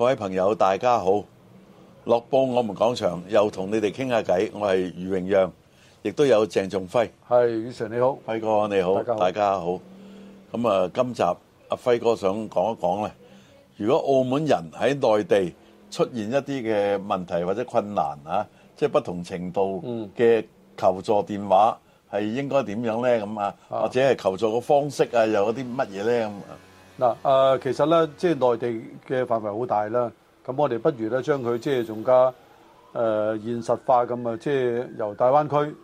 各位朋友，大家好！樂報我們講場又同你哋傾下偈，我係余榮讓，亦都有鄭仲輝。係，余晨，你好，輝哥你好，大家好。咁啊，今集阿輝哥想講一講咧，如果澳門人喺內地出現一啲嘅問題或者困難啊，即係不同程度嘅求助電話，係應該點樣咧？咁啊、嗯，或者係求助嘅方式啊，又有啲乜嘢咧？咁嗱誒，其實咧，即係內地嘅範圍好大啦。咁我哋不如咧，將佢即係仲加誒現實化咁啊！即係由大灣區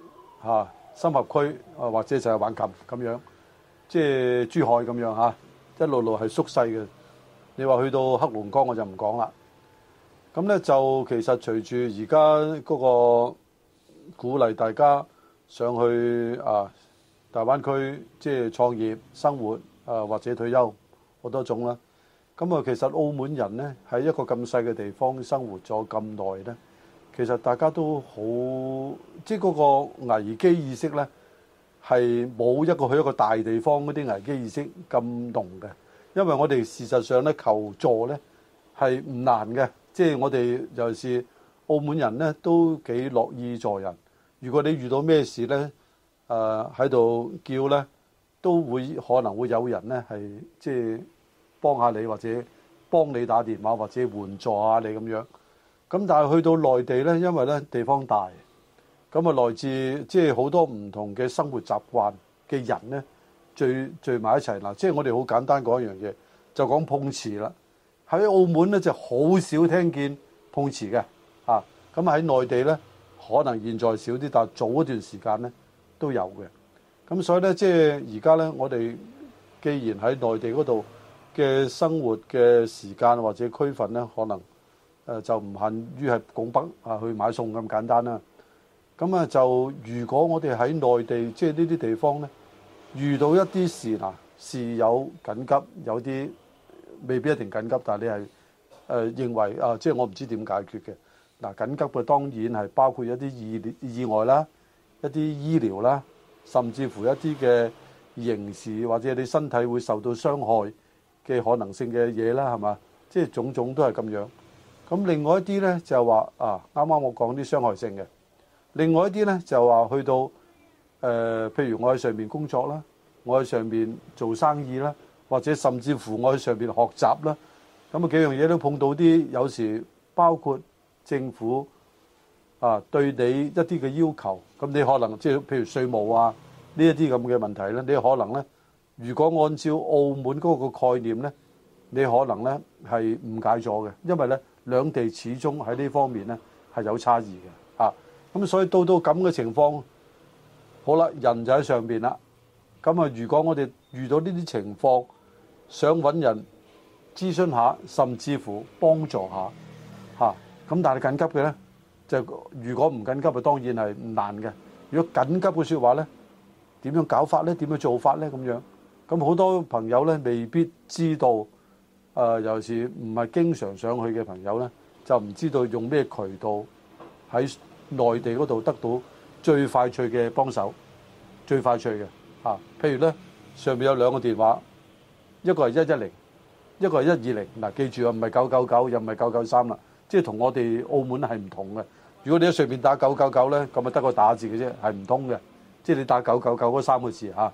嚇、深合區啊，或者就係橫琴咁樣，即係珠海咁樣嚇，一路路係縮細嘅。你話去到黑龍江，我就唔講啦。咁咧就其實隨住而家嗰個鼓勵大家上去啊，大灣區即係、就是、創業、生活啊，或者退休。好多種啦，咁啊，其實澳門人呢喺一個咁細嘅地方生活咗咁耐呢，其實大家都好，即係嗰個危機意識呢係冇一個去一個大地方嗰啲危機意識咁濃嘅，因為我哋事實上咧求助呢係唔難嘅，即係我哋尤其是澳門人呢都幾樂意助人，如果你遇到咩事呢，誒喺度叫呢，都會可能會有人呢係即係。幫下你或者幫你打電話或者援助下你咁樣咁，但係去到內地呢，因為呢地方大咁啊，就來自即係好多唔同嘅生活習慣嘅人呢，聚聚埋一齊啦。即係我哋好簡單講一樣嘢，就講碰瓷啦。喺澳門呢，就好少聽見碰瓷嘅㗎，咁、啊、喺內地呢，可能現在少啲，但係早一段時間呢都有嘅。咁所以呢，即係而家呢，我哋既然喺內地嗰度。嘅生活嘅時間或者區分呢，可能誒就唔限於係拱北啊去買餸咁簡單啦。咁啊，就如果我哋喺內地即係呢啲地方呢，遇到一啲事嗱，事有緊急，有啲未必一定緊急，但係你係誒、呃、認為啊，即、就、係、是、我唔知點解決嘅嗱緊急嘅，當然係包括一啲意意外啦，一啲醫療啦，甚至乎一啲嘅刑事或者你身體會受到傷害嘅可能性嘅嘢啦，係嘛？即係種種都係咁樣。咁另外一啲呢就話啊，啱啱我講啲傷害性嘅。另外一啲呢就話去到誒，譬如我喺上面工作啦，我喺上面做生意啦，或者甚至乎我喺上面學習啦，咁啊幾樣嘢都碰到啲有時包括政府啊對你一啲嘅要求，咁你可能即係譬如稅務啊呢一啲咁嘅問題咧，你可能呢。如果按照澳門嗰個概念呢，你可能呢係誤解咗嘅，因為呢兩地始終喺呢方面呢係有差異嘅，啊，咁所以到到咁嘅情況，好啦，人就喺上邊啦，咁啊，如果我哋遇到呢啲情況，想揾人諮詢下，甚至乎幫助下，嚇，咁但係緊急嘅呢，就如果唔緊急啊，當然係唔難嘅；如果緊急嘅説話呢，點樣搞法呢？點樣做法呢？咁樣？咁好多朋友咧，未必知道，誒、呃、尤其是唔係經常上去嘅朋友咧，就唔知道用咩渠道喺內地嗰度得到最快趣嘅幫手，最快趣嘅、啊、譬如咧，上面有兩個電話，一個係一一零，一個係一二零。嗱，記住啊，唔係九九九，又唔係九九三啦，即係同我哋澳門係唔同嘅。如果你喺上面打九九九咧，咁咪得個打字嘅啫，係唔通嘅。即係你打九九九嗰三個字、啊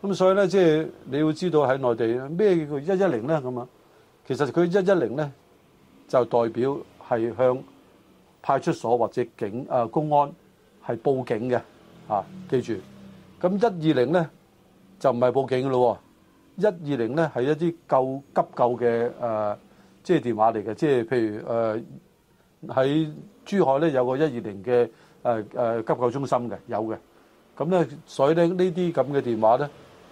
咁所以咧，即係你要知道喺內地咧，咩叫佢一一零咧咁啊？其實佢一一零咧就代表係向派出所或者警誒公安係報警嘅啊，記住。咁一二零咧就唔係報警嘅咯，一二零咧係一啲救急救嘅誒，即係電話嚟嘅，即係譬如誒喺珠海咧有個一二零嘅誒誒急救中心嘅有嘅，咁咧所以咧呢啲咁嘅電話咧。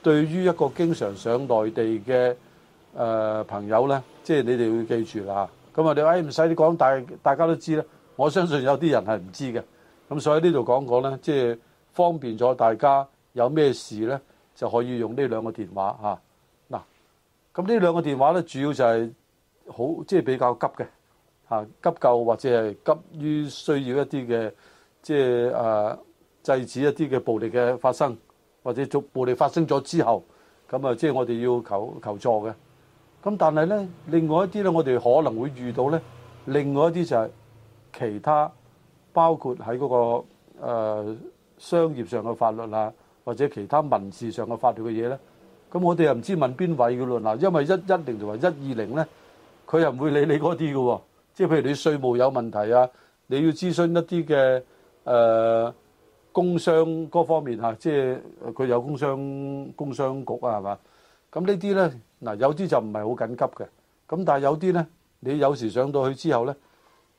對於一個經常上內地嘅朋友呢，即係你哋要記住啦。咁啊，你誒唔使你講，大大家都知啦。我相信有啲人係唔知嘅，咁所以呢度講講呢，即係方便咗大家有咩事呢就可以用呢兩個電話嚇。嗱，咁呢兩個電話呢，主要就係好即係比較急嘅、啊、急救或者係急於需要一啲嘅即係制止一啲嘅暴力嘅發生。或者逐步地發生咗之後，咁啊，即係我哋要求求助嘅。咁但係呢，另外一啲呢，我哋可能會遇到呢，另外一啲就係其他，包括喺嗰個誒商業上嘅法律啊，或者其他民事上嘅法律嘅嘢呢。咁我哋又唔知問邊位嘅咯。嗱，因為一一零同埋一二零呢，佢又唔會理你嗰啲嘅喎。即係譬如你稅務有問題啊，你要諮詢一啲嘅誒。呃工商嗰方面吓，即係佢有工商工商局啊，係嘛？咁呢啲呢，嗱有啲就唔係好緊急嘅，咁但係有啲呢，你有時上到去之後呢，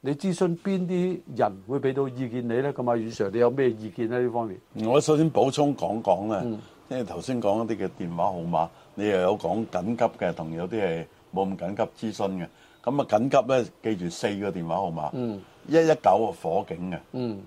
你諮詢邊啲人會俾到意見你呢？咁啊，余 Sir 你有咩意見咧？呢方面，我首先補充講講咧，嗯、因為頭先講一啲嘅電話號碼，你又有講緊急嘅，同有啲係冇咁緊急的諮詢嘅。咁啊，緊急呢，記住四個電話號碼，一一九啊，係火警嘅。嗯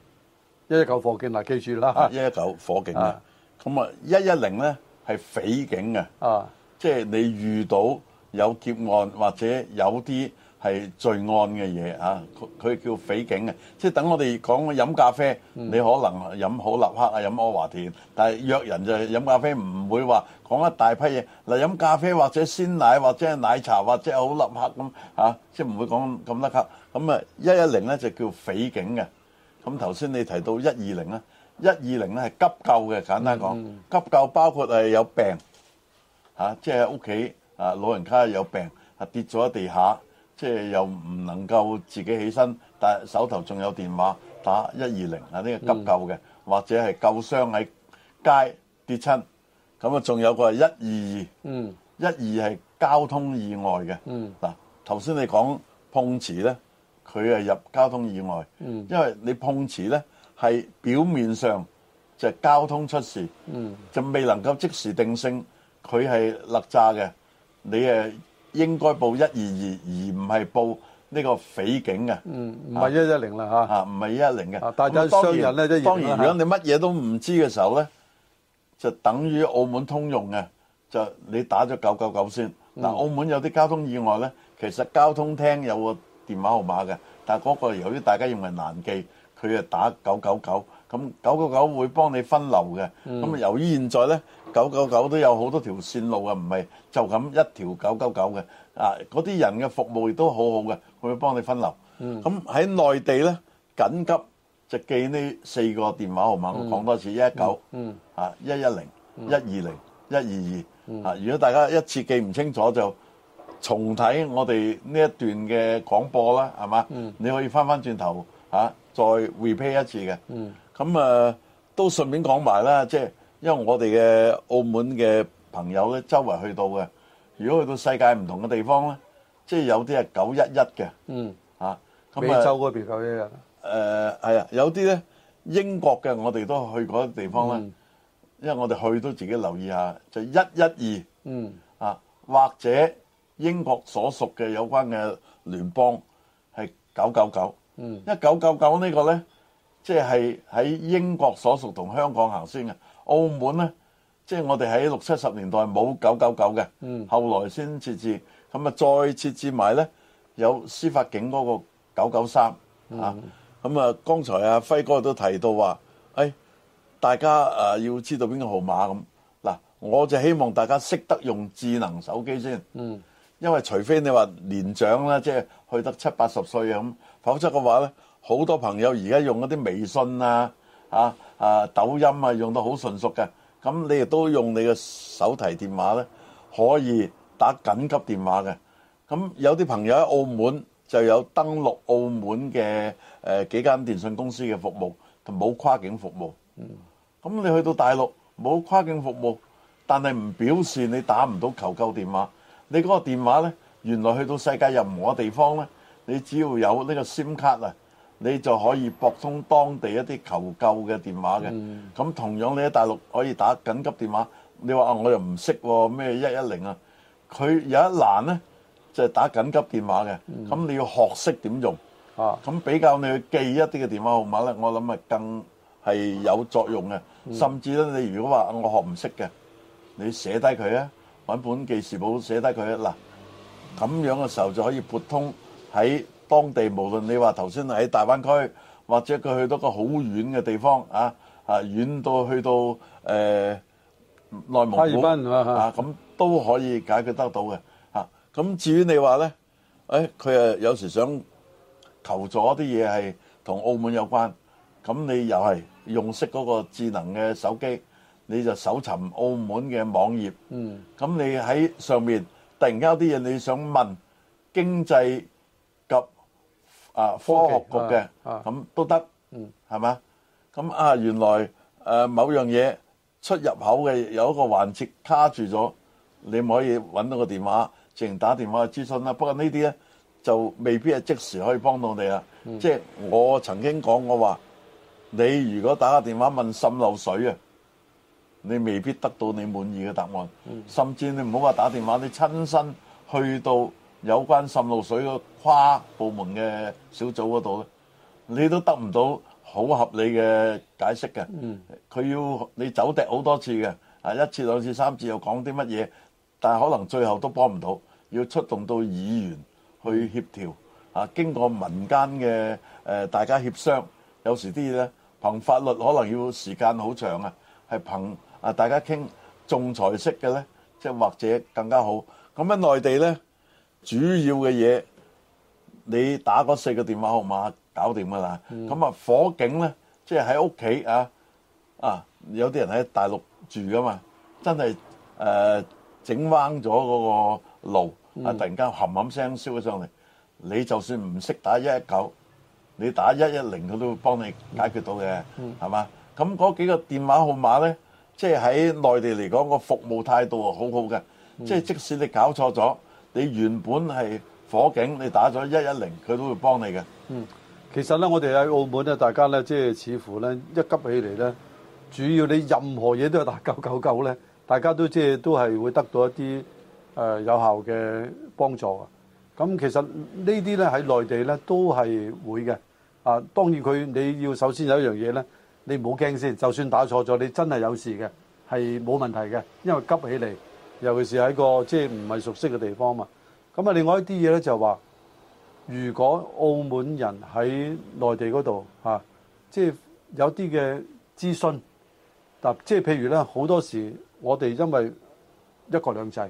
一一九火警啊，記住啦！一一九火警啊，咁啊一一零咧係匪警嘅，啊、即係你遇到有劫案或者有啲係罪案嘅嘢啊，佢叫匪警嘅。即係等我哋講飲咖啡，你可能飲好立克、嗯、啊，飲阿華田，但係約人就係飲咖啡，唔會話講一大批嘢。嗱飲咖啡或者鮮奶或者奶茶或者好立克咁啊，即係唔會講咁立克。咁啊一一零咧就叫匪警嘅。咁頭先你提到一二零咧，一二零咧係急救嘅，簡單講，急救包括係有病吓，即係屋企啊老人家有病，跌咗喺地下，即係又唔能夠自己起身，但係手頭仲有電話打一二零啊，呢個急救嘅，嗯、或者係救傷喺街跌親，咁啊仲有個係一二二，一二係交通意外嘅，嗱頭先你講碰瓷咧。佢係入交通意外，因為你碰瓷咧係表面上就交通出事，就未能夠即時定性佢係勒詐嘅。你誒應該報一二二，而唔係報呢個匪警嘅。嗯，唔係一一零啦吓，嚇唔係一一零嘅。但係當然咧，當然如果你乜嘢都唔知嘅時候咧，就等於澳門通用嘅，就你打咗九九九先。嗱，澳門有啲交通意外咧，其實交通廳有個。電話號碼嘅，但係嗰個由於大家認為難記，佢係打九九九，咁九九九會幫你分流嘅。咁由於現在呢，九九九都有好多條線路嘅，唔係就咁一條九九九嘅。啊，嗰啲人嘅服務亦都好好嘅，會幫你分流。咁喺內地呢，緊急就記呢四個電話號碼，我講多次一一九，啊，一一零、一二零、一二二。啊，如果大家一次記唔清楚就。重睇我哋呢一段嘅廣播啦，係嘛？嗯、你可以翻翻轉頭嚇、啊、再 repeat 一次嘅。咁、嗯、啊，都順便講埋啦，即、就、係、是、因為我哋嘅澳門嘅朋友咧，周圍去到嘅。如果去到世界唔同嘅地方咧，即、就、係、是、有啲係九一一嘅。嗯，嚇咁啊，美洲嗰邊九一一。誒係啊，啊，有啲咧英國嘅，我哋都去過嘅地方啦。嗯、因為我哋去都自己留意一下，就一一二。嗯，啊或者。英國所屬嘅有關嘅聯邦係九九九，一九九九呢個呢，即係喺英國所屬同香港行先嘅。澳門呢，即係我哋喺六七十年代冇九九九嘅，後來先設置咁啊，再設置埋呢，有司法警嗰個九九三嚇，咁啊，剛才阿輝哥都提到話，誒大家誒要知道邊個號碼咁嗱，我就希望大家識得用智能手機先。嗯因為除非你話年長啦，即係去得七八十歲咁，否則嘅話咧，好多朋友而家用嗰啲微信啊、啊啊抖音啊，用得好純熟嘅，咁你亦都用你嘅手提電話咧，可以打緊急電話嘅。咁有啲朋友喺澳門就有登錄澳門嘅誒幾間電信公司嘅服務，同冇跨境服務。嗯。咁你去到大陸冇跨境服務，但係唔表示你打唔到求救電話。你嗰個電話咧，原來去到世界任何地方呢，你只要有呢個 SIM 卡啊，你就可以撥通當地一啲求救嘅電話嘅。咁、嗯、同樣你喺大陸可以打緊急電話，你話啊我又唔識咩一一零啊，佢有一欄呢，就係、是、打緊急電話嘅，咁、嗯、你要學識點用。啊，咁比較你去記一啲嘅電話號碼呢，我諗啊更係有作用嘅。甚至咧，你如果話我學唔識嘅，你寫低佢啊。揾本記事簿寫低佢，嗱，咁樣嘅時候就可以撥通喺當地，無論你話頭先喺大灣區，或者佢去到個好遠嘅地方啊，啊遠到去到誒、呃、內蒙古啊，咁都可以解決得到嘅嚇。咁、啊、至於你話咧，佢、哎、誒有時想求助啲嘢係同澳門有關，咁你又係用識嗰個智能嘅手機。你就搜尋澳門嘅網頁，咁你喺上面突然間有啲嘢你想問經濟及啊科學局嘅，咁都得，係嘛？咁啊原來誒某樣嘢出入口嘅有一個環節卡住咗，你可以揾到個電話，直情打電話去諮詢啦。不過呢啲咧就未必係即時可以幫到你啦。即係我曾經講過話，你如果打個電話問滲漏水啊～你未必得到你滿意嘅答案，甚至你唔好話打電話，你親身去到有關滲漏水嘅跨部門嘅小組嗰度咧，你都得唔到好合理嘅解釋嘅。佢要你走趯好多次嘅，啊一次兩次三次又講啲乜嘢，但係可能最後都幫唔到，要出動到議員去協調，啊經過民間嘅誒大家協商，有時啲嘢咧憑法律可能要時間好長啊，係憑。啊！大家傾仲裁式嘅咧，即係或者更加好。咁喺內地咧，主要嘅嘢你打嗰四個電話號碼搞掂噶啦。咁啊，火警咧，即係喺屋企啊啊！有啲人喺大陸住噶嘛，真係誒整彎咗嗰個爐啊！突然間冚冚聲燒咗上嚟，你就算唔識打一一九，你打一一零佢都會幫你解決到嘅，係嘛？咁嗰幾個電話號碼咧？即係喺內地嚟講，個服務態度係好好嘅。即係即使你搞錯咗，你原本係火警，你打咗一一零，佢都會幫你嘅。嗯，其實咧，我哋喺澳門咧，大家咧，即係似乎咧一急起嚟咧，主要你任何嘢都係打九九九咧，大家都即係都係會得到一啲誒有效嘅幫助啊。咁其實呢啲咧喺內地咧都係會嘅。啊，當然佢你要首先有一樣嘢咧。你唔好驚先，就算打錯咗，你真係有事嘅，係冇問題嘅，因為急起嚟，尤其是喺個即係唔係熟悉嘅地方嘛。咁啊，另外一啲嘢咧就話，如果澳門人喺內地嗰度吓，即係有啲嘅諮詢，嗱，即係譬如咧好多時我哋因為一國兩制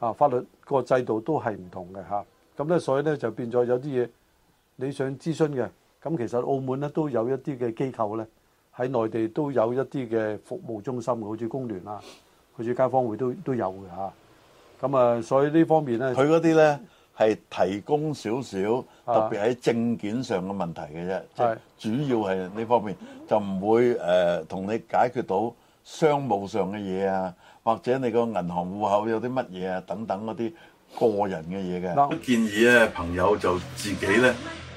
啊，法律個制度都係唔同嘅吓，咁咧所以咧就變咗有啲嘢你想諮詢嘅，咁其實澳門咧都有一啲嘅機構咧。喺內地都有一啲嘅服務中心嘅，好似工聯啦，好似街坊會都都有嘅吓。咁啊，所以呢方面咧，佢嗰啲咧係提供少少，特別喺證件上嘅問題嘅啫，即係主要係呢方面就唔會誒同你解決到商務上嘅嘢啊，或者你個銀行戶口有啲乜嘢啊等等嗰啲個人嘅嘢嘅。我建議咧，朋友就自己咧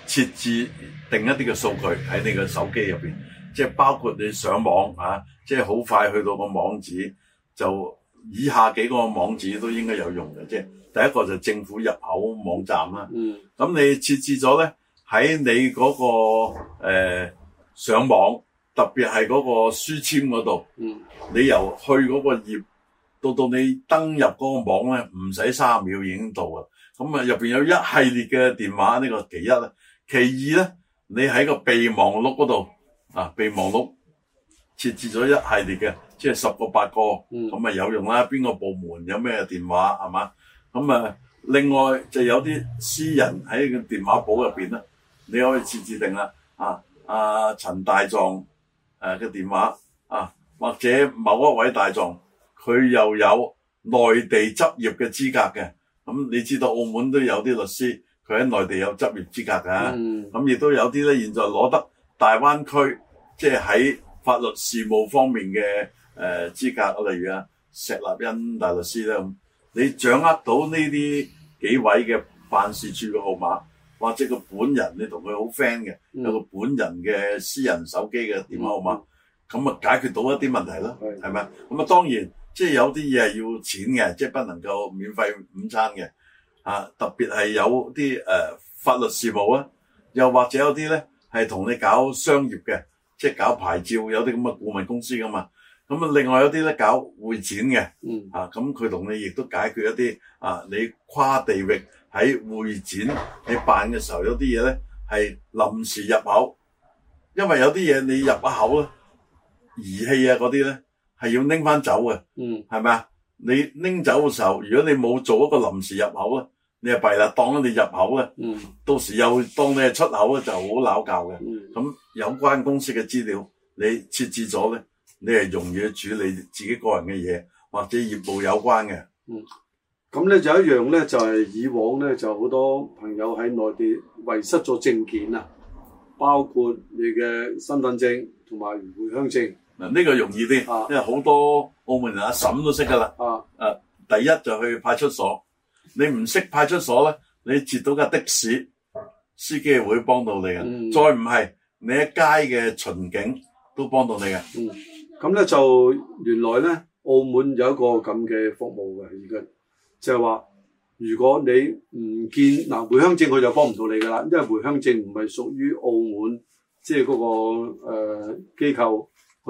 設置定一啲嘅數據喺你嘅手機入邊。即係包括你上網啊，即係好快去到個網址，就以下幾個網址都應該有用嘅啫。即第一個就政府入口網站啦。嗯。咁你設置咗咧，喺你嗰、個、呃、上網，特別係嗰個書籤嗰度。嗯。你由去嗰個頁，到到你登入嗰個網咧，唔使三秒已經到啦。咁啊，入面有一系列嘅電話呢、個其一啦，其二咧，你喺個備忘錄嗰度。啊！備忘錄設置咗一系列嘅，即係十個八個咁啊、嗯、有用啦。邊個部門有咩電話係嘛？咁啊，另外就有啲私人喺個電話簿入面，你可以設置定啦。啊，阿、啊、陳大狀誒嘅電話啊，或者某一位大狀佢又有內地執業嘅資格嘅。咁你知道澳門都有啲律師佢喺內地有執業資格㗎，咁亦、嗯啊、都有啲咧，現在攞得。大灣區即係喺法律事務方面嘅誒資格，例如啊石立恩大律師咧咁，你掌握到呢啲幾位嘅辦事處嘅號碼，或者佢本人你同佢好 friend 嘅，有個本人嘅私人手機嘅電話號碼，咁啊、嗯、解決到一啲問題啦，係咪啊？咁啊當然即係、就是、有啲嘢係要錢嘅，即、就、係、是、不能夠免費午餐嘅，啊特別係有啲誒、呃、法律事務啊，又或者有啲咧。係同你搞商業嘅，即係搞牌照有啲咁嘅顧問公司噶嘛，咁啊另外有啲咧搞會展嘅，嗯，啊咁佢同你亦都解決一啲啊你跨地域喺會展你辦嘅時候有啲嘢咧係臨時入口，因為有啲嘢你入啊口咧儀器啊嗰啲咧係要拎翻走嘅，嗯，係咪啊？你拎走嘅時候，如果你冇做一個臨時入口咧。你係弊啦，當咗你入口咧，嗯、到時又當你係出口咧就好拗撬嘅。咁、嗯、有關公司嘅資料，你設置咗咧，你係容易去處理自己個人嘅嘢，或者業務有關嘅。咁咧、嗯、就一樣咧，就係、是、以往咧就好多朋友喺內地遺失咗證件啊，包括你嘅身份證同埋回鄉證。嗱呢、啊呢個容易啲，啊、因為好多澳門人阿嬸都識噶啦、啊。啊，誒、啊，第一就去派出所。你唔識派出所咧，你截到架的士，司機會幫到你嘅。嗯、再唔係，你一街嘅巡警都幫到你嘅。嗯，咁咧就原來咧，澳門有一個咁嘅服務嘅，而家就係、是、話，如果你唔見，嗱，回鄉證，佢就幫唔到你噶啦，因為回鄉證唔係屬於澳門，即係嗰個誒機、呃、構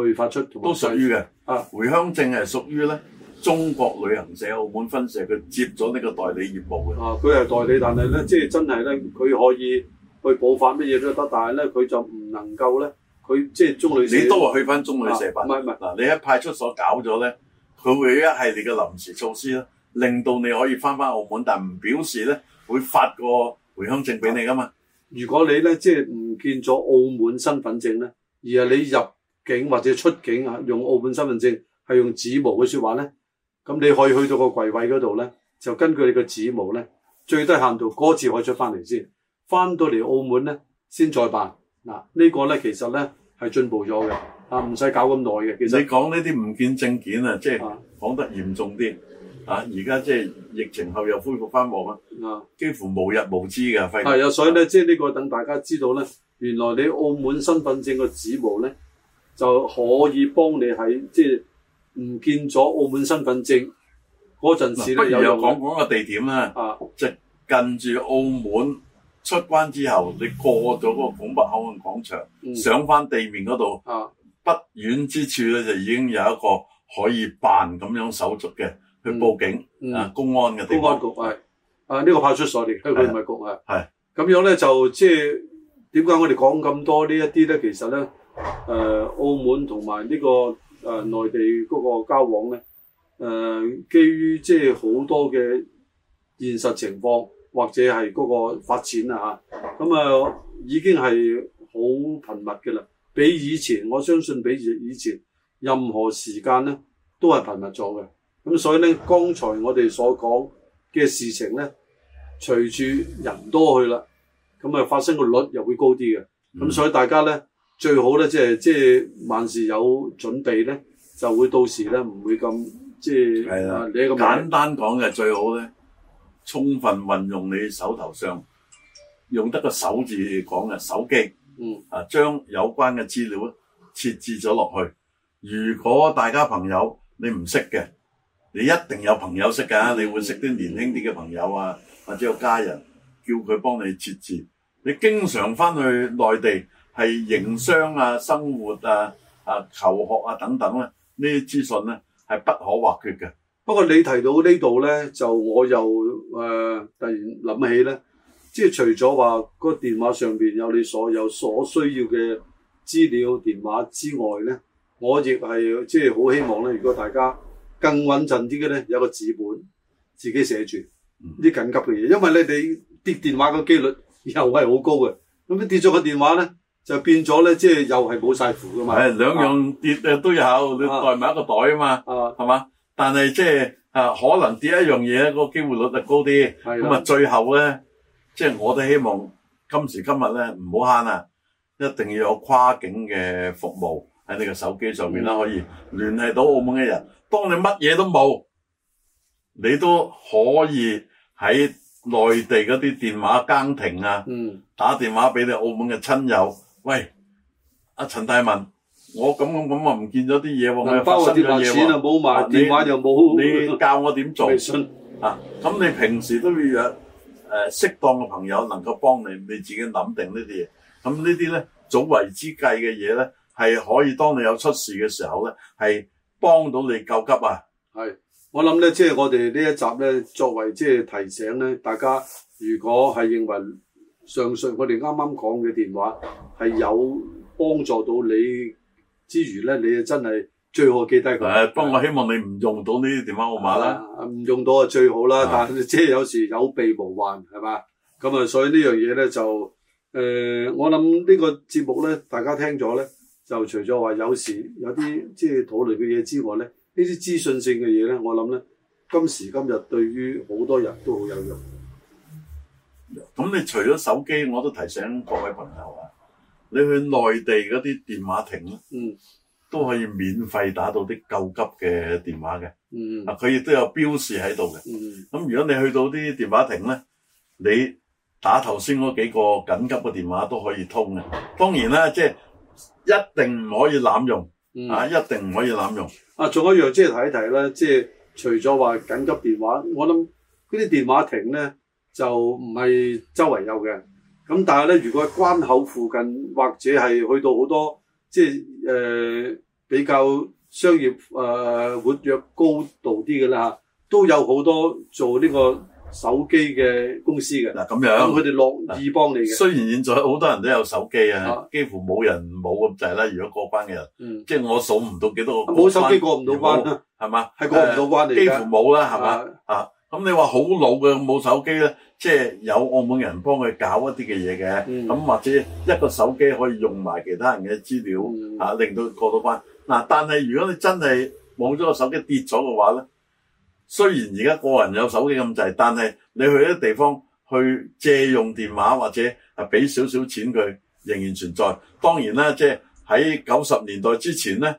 去發出，同都屬於嘅。啊，回鄉證係屬於咧。中國旅行社澳門分社佢接咗呢個代理業務嘅。啊，佢係代理，但係咧，即係真係咧，佢可以去補返乜嘢都得，但係咧，佢就唔能夠咧，佢即係中旅社。你都係去翻中旅社辦。唔係唔係，嗱、啊，你喺派出所搞咗咧，佢會一系列嘅臨時措施咧，令到你可以翻翻澳門，但唔表示咧會發個回鄉證俾你㗎嘛。如果你咧即係唔見咗澳門身份證咧，而係你入境或者出境啊，用澳門身份證係用指模嘅說話咧。咁你可以去到個櫃位嗰度咧，就根據你個指模咧，最低限度嗰、次可以出翻嚟先，翻到嚟澳門咧先再辦。嗱、這個、呢個咧其實咧係進步咗嘅，啊唔使搞咁耐嘅。其實、啊、其實你講呢啲唔見證件、就是、啊，即係講得嚴重啲啊！而家即係疫情後又恢復翻忙啦，啊幾乎無日無之㗎。係啊，所以咧即係呢、就是、個等大家知道咧，原來你澳門身份證個指模咧就可以幫你喺即係。唔見咗澳門身份證嗰陣時咧，不如又講講個地點呢，啊，即係近住澳門出關之後，你過咗個拱北口岸廣場，啊、上翻地面嗰度，啊，不遠之處咧就已經有一個可以辦咁樣手續嘅，去報警啊公安嘅地方。公安局係啊，呢、這個派出所嚟嘅，唔係局啊。係咁、啊啊啊、樣咧，就即係點解我哋講咁多一呢一啲咧？其實咧，誒、呃，澳門同埋呢個。誒、呃、內地嗰個交往咧，誒、呃、基於即係好多嘅現實情況，或者係嗰個發展啊嚇，咁啊、嗯、已經係好頻密嘅啦，比以前我相信比以前任何時間咧都係頻密咗嘅。咁、嗯、所以咧，剛才我哋所講嘅事情咧，隨住人多去啦，咁、嗯、啊、嗯、發生嘅率又會高啲嘅。咁、嗯、所以大家咧。最好咧，即係即係萬事有準備咧，就會到時咧唔會咁即係係啊。你咁簡單講嘅最好咧，充分運用你手頭上用得個手字講嘅手機。嗯。啊，將有關嘅資料咧設置咗落去。如果大家朋友你唔識嘅，你一定有朋友識㗎。你會識啲年輕啲嘅朋友啊，或者有家人叫佢幫你設置。你經常翻去內地。係營商啊、生活啊、啊求學啊等等咧，呢啲資訊咧係不可或缺嘅。不過你提到呢度咧，就我又誒、呃、突然諗起咧，即、就、係、是、除咗話個電話上面有你所有所需要嘅資料電話之外咧，我亦係即係好希望咧，如果大家更穩陣啲嘅咧，有個紙本自己寫住啲緊急嘅嘢，因為你哋跌電話嘅幾率又係好高嘅，咁你跌咗個電話咧。就變咗咧，即係又係冇晒符噶嘛。係兩樣跌嘅都有，你袋埋一個袋啊嘛。啊，係嘛？但係即係啊，可能跌一樣嘢咧，個機會率就高啲。係咁啊，最後咧，即係我都希望今時今日咧，唔好慳啊，一定要有跨境嘅服務喺你嘅手機上面啦，可以聯繫到澳門嘅人。當你乜嘢都冇，你都可以喺內地嗰啲電話亭啊，嗯，打電話俾你澳門嘅親友。喂，阿陳大文，我咁咁咁啊，唔見咗啲嘢喎，我發生嘅嘢喎，錢又冇埋，電話又冇，你，了你教我點做？信啊，咁你平時都要有誒適當嘅朋友，能夠幫你，你自己諗定呢啲嘢。咁呢啲咧，早為之計嘅嘢咧，係可以當你有出事嘅時候咧，係幫到你救急啊。係，我諗咧，即係我哋呢一集咧，作為即係提醒咧，大家如果係認為。上述我哋啱啱講嘅電話係有幫助到你之餘咧，你啊真係最好記低佢。誒、啊，不過我希望你唔用到呢啲電話號碼啦，唔、啊、用到啊最好啦。啊、但係即係有時有備無患，係嘛？咁啊，所以呢樣嘢咧就誒、呃，我諗呢個節目咧，大家聽咗咧，就除咗話有時有啲即係討論嘅嘢之外咧，呢啲資訊性嘅嘢咧，我諗咧，今時今日對於好多人都好有用。咁你除咗手機，我都提醒各位朋友啊，你去內地嗰啲電話亭，嗯，都可以免費打到啲救急嘅電話嘅，嗯，嗱佢亦都有標示喺度嘅，嗯，咁如果你去到啲電話亭咧，你打頭先嗰幾個緊急嘅電話都可以通嘅。當然啦，即係一定唔可以濫用，嗯、啊，一定唔可以濫用。啊，仲有一樣即係睇睇啦，即係除咗話緊急電話，我諗嗰啲電話亭咧，就唔係周圍有嘅，咁但係咧，如果喺關口附近或者係去到好多，即係誒、呃、比較商業誒、呃、活躍高度啲嘅啦，都有好多做呢個手機嘅公司嘅。嗱咁、啊、樣，咁佢哋樂意幫你嘅、啊。雖然現在好多人都有手機啊，幾乎冇人冇咁滯啦。如果過關嘅人，即係我數唔到幾多個冇手機過唔到關啦，係嘛果？係、啊、過唔到關你而家、啊、幾乎冇啦，係嘛？啊！吧咁你話好老嘅冇手機咧，即係有澳門人幫佢搞一啲嘅嘢嘅，咁、嗯、或者一個手機可以用埋其他人嘅資料，嗯啊、令到過到關。嗱、啊，但係如果你真係冇咗個手機跌咗嘅話咧，雖然而家個人有手機咁滯，但係你去一啲地方去借用電話或者係俾少少錢佢，仍然存在。當然啦，即係喺九十年代之前咧。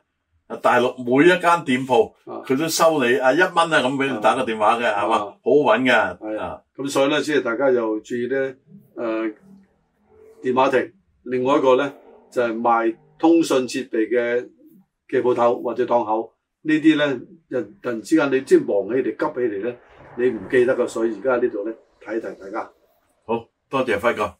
啊！大陸每一間店鋪，佢都收你啊一蚊啊咁俾你打個電話嘅，係嘛，好穩嘅啊！咁所以咧，即係大家又注意咧，誒、呃，電話亭，另外一個咧就係、是、賣通訊設備嘅嘅鋪頭或者檔口呢啲咧，人突然之間你即係忙起嚟，急起嚟咧，你唔記得噶，所以而家喺呢度咧睇一提大家，好多謝輝哥。